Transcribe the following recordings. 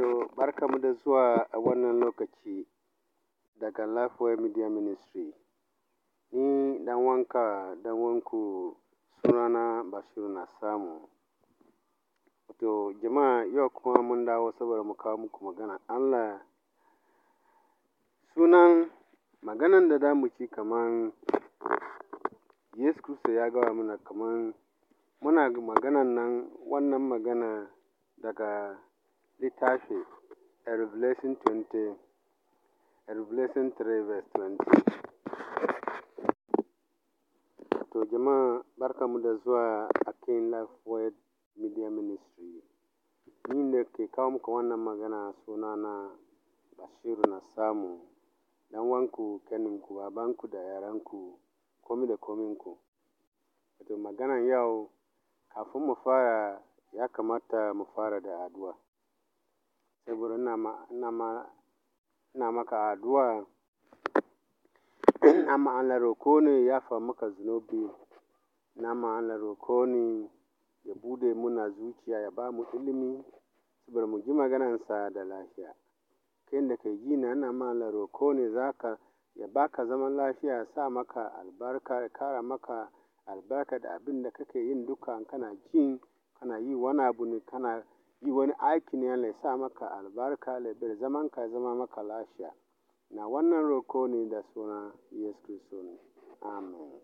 To, barkamu da zuwa a wannan lokaci daga Lifeway Media Ministry. Ni dan wanka dan wanku sunana Bashir na samu. To, jama'a yau kuma mun dawo saboda mu kawo muku magana Allah. Sunan maganan da za mu ci kaman Yesu kristo ya gawa mana kaman muna maganan nan wannan magana daga littafi A Revelation 3:20 To jama'a mu da zuwa a kan Life Word Media Ministry. Ni ne ke kawo muku wannan magana suna na Bashiru na samu dan wanku ku babanku da yaranku komi da kominku. Wato maganan yau kafin mu fara ya kamata mu fara da addu'a. saboda ina ma, ina ma, ina maka addu'a. Ina ma Allah roko ne ya yafa maka zunubi. Ina ma Allah roko ne ya buɗe muna zuciya, ya ba mu ilimi saboda mu ji maganarsa da lafiya. Kai da kai ji na, ina ma Allah roko ne za ya ba ka zaman lafiya, ya sa maka albarka, ya ƙara maka albarka da abin da kake yin duka. Kana jin, kana yi wani abu ne, kana. Yi wani aikin ya sa maka albarka, ya bar zamanka zama maka lafiya. Na wannan roko ne da suna Yesu kristo ne. Amen.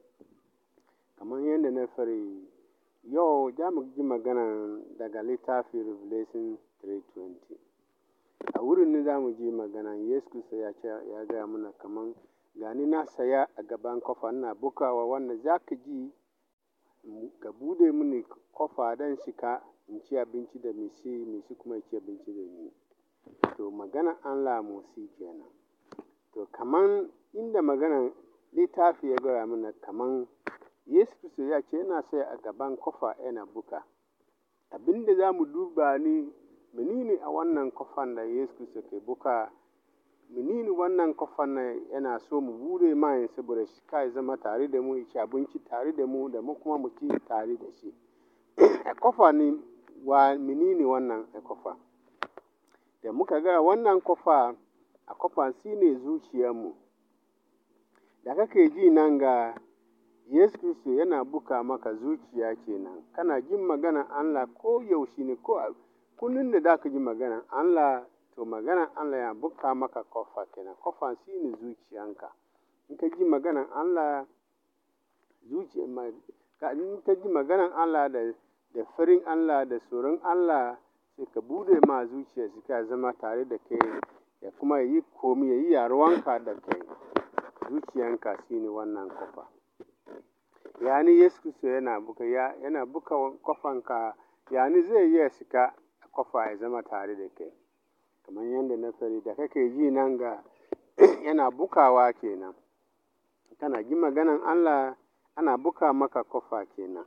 Kamar yadda na fari, yau za mu ji magana daga littafin Revelation 3:20. A wurin ne za mu ji magana Yesu kristo ya ce ya gaya mana kamar gani na saya a gaban kofa na bukawa wanda za ka ji ka buɗe mini kofa don shiga in ci abinci da Mercy, Mercy kuma ya ci abinci da ni. To an lamu motsi kenan. To kaman inda maganan littafi ya gwada mana kaman Yesu kristo ya ce yana sai a gaban kofa yana buka. Abinda zamu za mu duba ni menene a wannan kofan da Yesu Kiristi ke buka Menene wannan kofan nan yana so mu bude mai saboda shi ka zama tare da mu, ya ci abinci tare da mu da mu kuma mu ci tare da shi. kofa ne wa menene wannan kofa? Da muka ga wannan kofa, a kofa shine zuciyarmu. Da kake ji nan ga Yesu Kiristi yana buka maka zuciya kenan. Kana jin maganar Allah ko yaushe ne ko kullum da za ka ji maganar Allah to maganan Allah ya buka maka kofa kenan kofa shi ne zuciyanka in ka ji maganan Allah in ka ji maganan Allah da da farin Allah da tsoron Allah sai ka bude ma zuciya suka zama tare da kai ya kuma yi komi ya yi yaruwanka da kai zuciyanka shi ne wannan kofa yani yesu kristo yana buka ya yana buka kofanka yani zai iya shiga kofa ya zama tare da kai kamar yadda na sani da kake ji nan ga yana bukawa kenan kana ji maganan Allah ana buka maka kofa kenan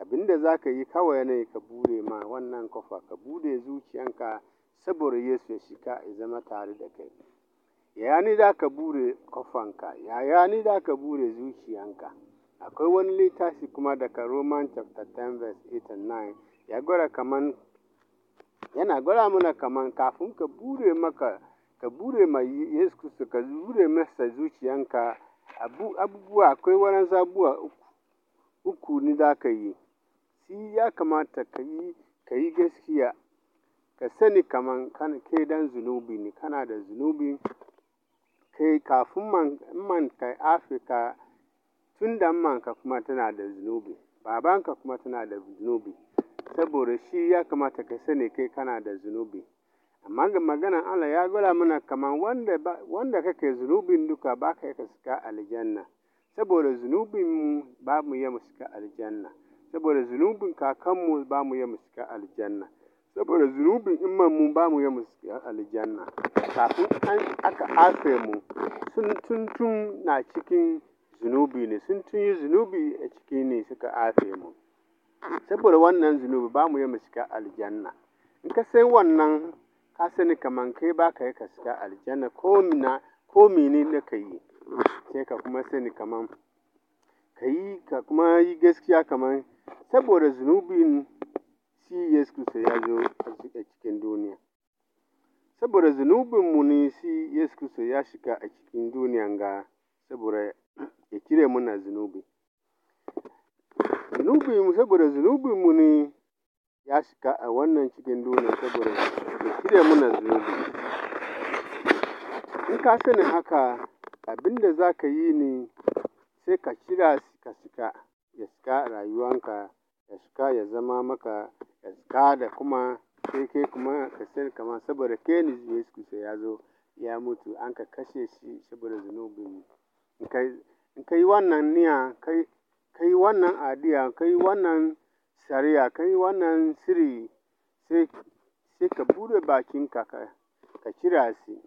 abinda za ka yi kawai ne ka bude ma wannan kofa ka bude zuciyanka saboda Yesu ya shika ya zama tare da kai yaya ni za ka bude kofanka yaya ni za ka bude zuciyanka akwai wani littafi kuma daga Roman chapter 10 verse 8 and 9 ya gwada kaman yana gwada mana kaman kafin ka bure maka ka bure ma Yesu Kristo ka bure masa zuciyanka abubuwa akwai wani zabuwa uku uku ne za ka yi shi ya kamata ka yi ka yi gaskiya ka sani kaman ke dan zunubi ne kana da zunubi kai kafin man man ka Afirka tun da ka kuma tana da zunubi babanka kuma tana da zunubi saboda shi ya kamata ka sani kai kana da zunubi. Amma ga maganan Allah ya gwada mana kaman wanda, wanda kake zunubin duka ba ka yaka suka aljanna, saboda mu ba mu yi mu suka aljanna, saboda zunubin kakanmu ba mu yi mu suka aljanna, saboda zunubin mu ba mu yi mu suka aljanna. Kafin aka afe mu, sun tuntun na cikin zunubi ne, sun tun yi zunubi a ciki ne suka afe mu. Saboda wannan zunubi ba mu yi mu shiga aljanna. In ka san wannan, ka sani kamar kai ba ka yi ka shiga aljanna ko mina ko mini na ka yi. Sai ka kuma sani kamar ka yi ka kuma yi gaskiya kamar saboda zunubin shi Yesu kristo ya zo a cikin duniya. Saboda mu ne shi Yesu kristo ya shiga a cikin duniya ga saboda ya cire muna zunubi. Zunubinmu saboda zunubinmu ne ya shiga a wannan cikin duniya saboda da cire muna zunubi. In ka sani haka, abin da za ka yi ne sai ka kira ka shiga, ya shiga rayuwanka, ya shiga ya zama maka, ya shiga da kuma sai kai kuma ka sani kama saboda kai ne zuwa Kiristi ya zo ya mutu an ka kashe shi saboda zunubinmu. In ka yi wannan niyya kai. kai wannan adiya, kai wannan shari'a, kai wannan shiri, sai, sai ka bude bakinka ka, ka kira shi.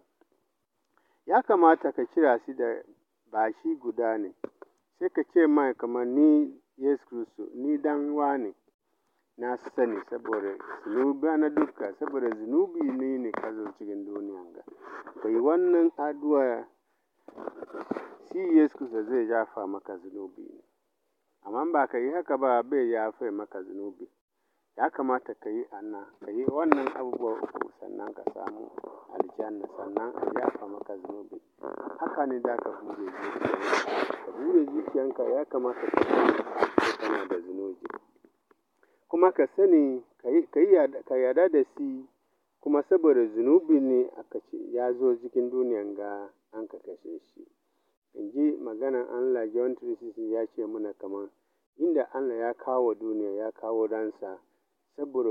Ya kamata ka kira shi da bashi guda ne, sai ka ce mai kamar ni Yesu Kristo, ni dan wane, na sani saboda zunubi na duka, saboda zunubi ne ne ka zo cikin duniya ga. Ka yi wannan addu'a, shi Yesu Kristo zai yafa maka zunubi. amma ba ka yi haka ba bai yafe maka zunubi ya kamata ka yi annan ka yi wannan abubuwa uku sannan ka samu aljanna sannan a yafa maka zunubi haka ne za ka bude zuciyanka zuciyanka ya kamata ka yi kana da zunubi kuma ka sani ka yarda da shi kuma saboda zunubi ne aka ce ya zo cikin duniyan ga an ka kashe shi in ji maganan Allah John 3:16 ya ce mana kaman inda Allah ya kawo duniya ya kawo ransa saboda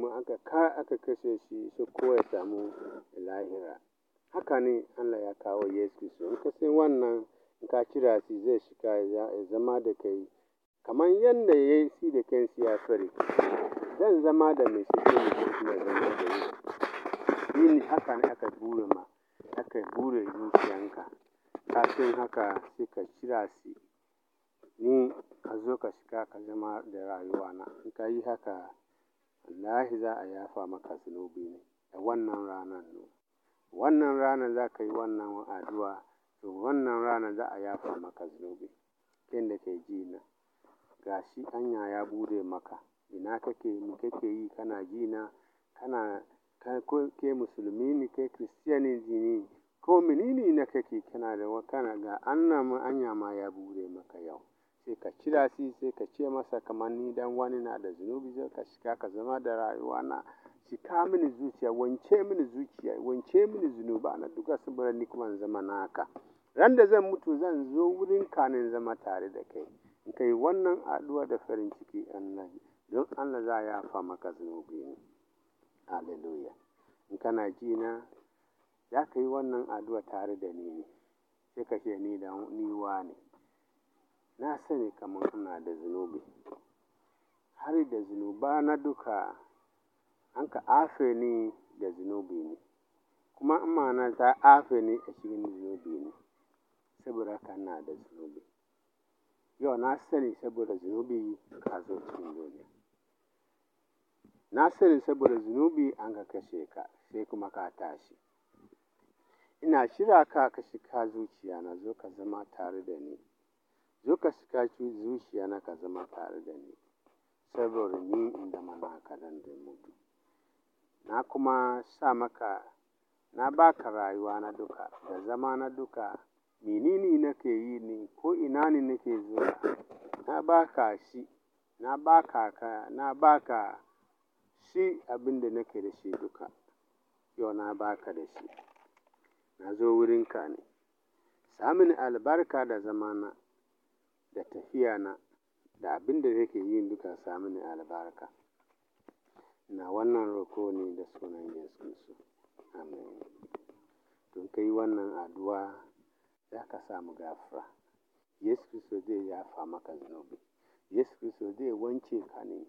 mu aka ka aka kashe shi su kowa ya samu lahira haka ne Allah ya kawo Yesu Kristo in ka wannan in ka kira shi zai shiga ya zama da kai kamar yanda ya yi shi da kansu ya fari zan zama da mai ne mutum kuma zama da ni haka ne aka bure ma aka bure zuciyanka Kafin haka sai ka kira shi, ni ka zo ka shiga ka zama da rayuwa In ka yi haka, wallahi za a yafa maka zunubi ne da wannan ranan ne. Wannan ranan za ka yi wannan addu'a, to wannan ranan za a yafa maka zunubi. Kai da ke ji na, gashi hanya ya bude maka. Ina kake, me kake yi kana ji na? Kana, kai musulmi ne, kai Kiristiyani ne. ko menene na kake kana da na ga annama anya ma ya bure maka yau sai ka kira shi sai ka ce masa kamar ni dan wani na da zunubi sai ka shiga ka zama da rayuwa na shika mini zuciya wance mini zuciya wance mini zunuba na duka saboda ni kuma zama naka ran da zan mutu zan zo wurin ka ne zama tare da kai in kai wannan addu'a da farin ciki annabi don Allah za ya fa maka zunubi ne haleluya in kana ji na za ka yi wannan addu'a tare da ni ne sai ka ce ni da niwa ne na sani kamar ina da zunubi har da zunuba na duka an ka afe ni da zunubi ne kuma na ta afe ni a cikin zunubi ne saboda ka na da zunubi yau na sani saboda zunubi ka zo cikin duniya na sani saboda zunubi an ka kashe ka sai kuma ka tashi Ina shirya ka ka shiga zuciyana, zo ka zama tare da ni, zo ka shiga zuciyana ka zama tare da ni, saboda ni in mana ka ran da mutu. Na kuma sa maka, na ba ka na duka da na duka, menene nake yi ni ko ina ne nake zuwa, na ba shi, na baka ka na baka shi abin nake da shi duka, yau na baka ka da shi. na zo wurinka ne, sa mini albarka da zamana da tafiyana da abin da nake yi duka sa mini albarka. na wannan roko ne da sunan Yesu Kiristi. Amin. Don kai wannan addu'a za ka samu gafara. Yesu Kristo zai yafa maka zunubi. Yesu Kristo zai wanke ka ne.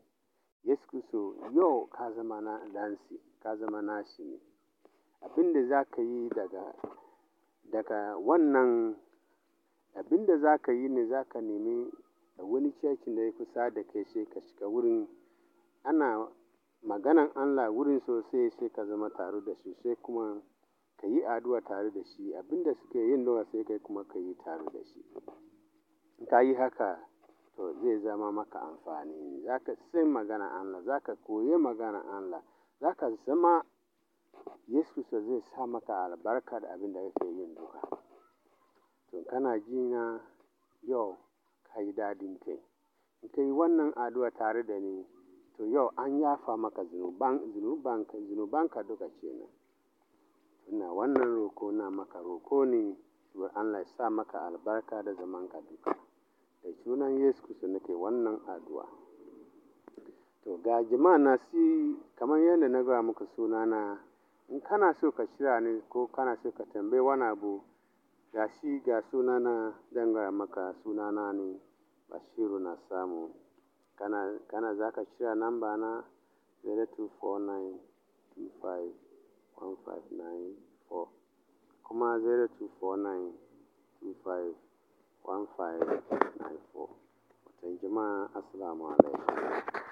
Yesu Kristo yau ka zama na ɗansi, ka zama nashi ne. abin da za ka yi daga, daga wannan abin da za ka yi ne za ka nemi wani cikin da ya kusa da kai sai ka shiga wurin ana maganan Allah wurin sosai sai ka zama tare da shi sai kuma ka yi addu'a tare da shi abin da suke yin nawa sai kai kuma ka yi tare da shi. ka yi haka to zai zama maka amfani. Za ka san maganan Allah, za ka koyi maganan Allah, za ka zama Yesu zai sa maka albarka da abin da kake yin duka. To kana ji na yau ka yi dadin kai. In ka yi wannan addu'a tare da ni, to yau an yafa maka zunubanka, zunubanka duka kenan. Ina wannan roko na maka roko ne, domin Allah ya sa maka albarka da zaman ka duka. Da sunan Yesu nake wannan addu'a. To ga jima'a na si kamar yadda na gaya muku sunana. in kana so ka shirya ne ko kana so ka tambayi wani abu ga shi ga sunana zan gaya maka sunana ne bashiru na samu kana, kana za ka shirya namba na 0249251594 kuma 0249251594 watan jama'a asalamu alaikum